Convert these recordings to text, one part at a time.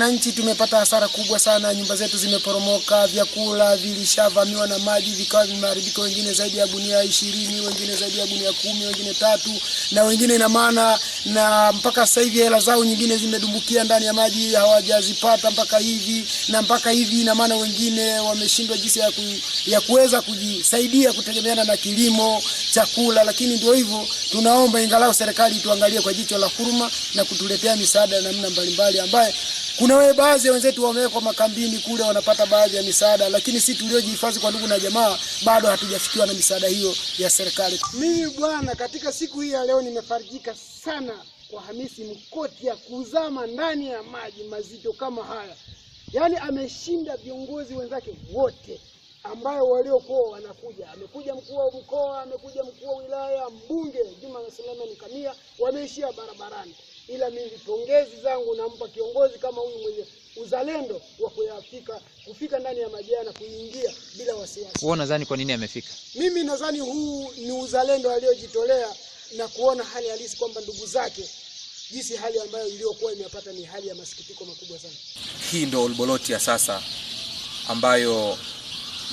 Wananchi tumepata hasara kubwa sana, nyumba zetu zimeporomoka, vyakula vilishavamiwa na maji vikawa vimeharibika, wengine zaidi ya gunia ishirini, wengine zaidi ya gunia kumi, wengine tatu, na wengine ina maana na mpaka sasa hivi hela zao nyingine zimedumbukia ndani ya maji, hawajazipata mpaka hivi na mpaka hivi, ina maana wengine wameshindwa jinsi ya, ku, ya kuweza kujisaidia kutegemeana na kilimo, chakula. Lakini ndio hivyo, tunaomba ingalau serikali tuangalie kwa jicho la huruma na kutuletea misaada ya namna mbalimbali ambaye kuna wewe baadhi ya wenzetu wamewekwa makambini kule, wanapata baadhi ya misaada, lakini sisi tuliojihifadhi kwa ndugu na jamaa bado hatujafikiwa na misaada hiyo ya serikali. Mimi bwana, katika siku hii ya leo nimefarijika sana kwa Hamisi mkoti ya kuzama ndani ya maji mazito kama haya, yaani ameshinda viongozi wenzake wote ambayo waliokuwa wanakuja, amekuja mkuu wa mkoa, amekuja mkuu wa wilaya, mbunge Juma Suleiman Kamia, wameishia barabarani ila mimi pongezi zangu nampa kiongozi kama huyu mwenye uzalendo wa kuyafika kufika ndani ya majana kuingia bila wasiwasi. Wewe unadhani kwa nini amefika? Mimi nadhani huu ni uzalendo aliyojitolea na kuona hali halisi kwamba ndugu zake jinsi hali ambayo iliyokuwa imepata ni hali ya masikitiko makubwa sana. Hii ndio olboloti ya sasa ambayo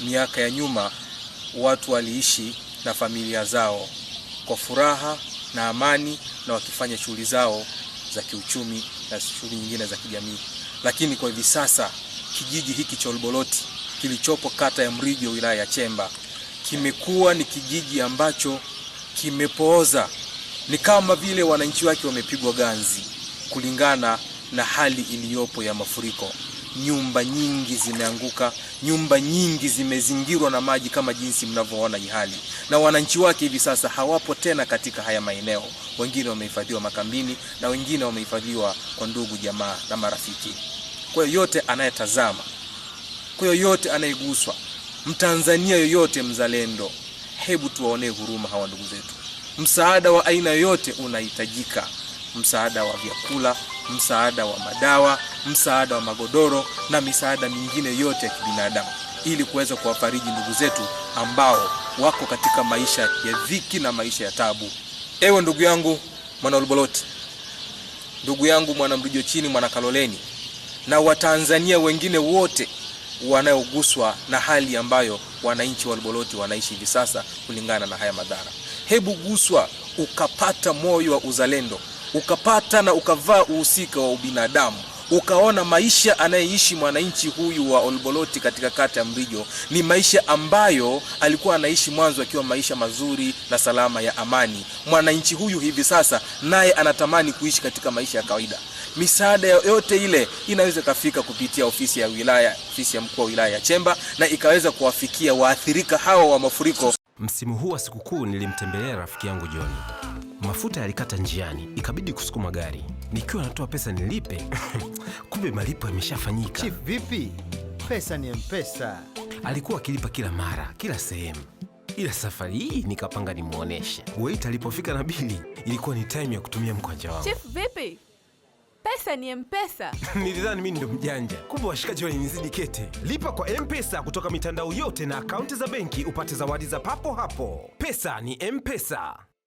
miaka ya nyuma watu waliishi na familia zao kwa furaha na amani na wakifanya shughuli zao za kiuchumi na shughuli nyingine za kijamii. Lakini kwa hivi sasa kijiji hiki cha Olboloti kilichopo kata ya Mrijo wilaya ya Chemba kimekuwa ni kijiji ambacho kimepooza, ni kama vile wananchi wake wamepigwa ganzi kulingana na hali iliyopo ya mafuriko nyumba nyingi zimeanguka, nyumba nyingi zimezingirwa na maji kama jinsi mnavyoona hali, na wananchi wake hivi sasa hawapo tena katika haya maeneo. Wengine wamehifadhiwa makambini na wengine wamehifadhiwa kwa ndugu jamaa na marafiki. Kwa yoyote anayetazama, kwa yoyote anayeguswa, Mtanzania yoyote mzalendo, hebu tuwaonee huruma hawa ndugu zetu. Msaada wa aina yoyote unahitajika, msaada wa vyakula msaada wa madawa, msaada wa magodoro na misaada mingine yote ya kibinadamu, ili kuweza kuwafariji ndugu zetu ambao wako katika maisha ya dhiki na maisha ya tabu. Ewe ndugu yangu mwana Luboloti, ndugu yangu mwana Mrijo chini, mwana Kaloleni na Watanzania wengine wote wanaoguswa na hali ambayo wananchi wa Luboloti wanaishi hivi sasa kulingana na haya madhara, hebu guswa ukapata moyo wa uzalendo ukapata na ukavaa uhusika wa ubinadamu ukaona maisha anayeishi mwananchi huyu wa Olboloti katika kata ya Mrijo ni maisha ambayo alikuwa anaishi mwanzo akiwa maisha mazuri na salama ya amani. Mwananchi huyu hivi sasa naye anatamani kuishi katika maisha ya kawaida. Misaada yoyote ile inaweza ikafika kupitia ofisi ya wilaya, ofisi ya mkuu wa wilaya ya Chemba na ikaweza kuwafikia waathirika hawa wa mafuriko. Msimu huu wa sikukuu nilimtembelea rafiki yangu John mafuta yalikata njiani, ikabidi kusukuma gari. Nikiwa natoa pesa nilipe, kumbe malipo yameshafanyika. Chief vipi? Pesa ni mpesa. Alikuwa akilipa kila mara, kila sehemu, ila safari hii nikapanga nimwoneshe. Wait alipofika na bili, ilikuwa ni taimu ya kutumia mkwanja wangu. Chief vipi? Pesa ni mpesa. Nilidhani mimi ndo mjanja, kumbe washikaji walinizidi kete. Lipa kwa mpesa kutoka mitandao yote na akaunti za benki, upate zawadi za papo hapo. Pesa ni mpesa.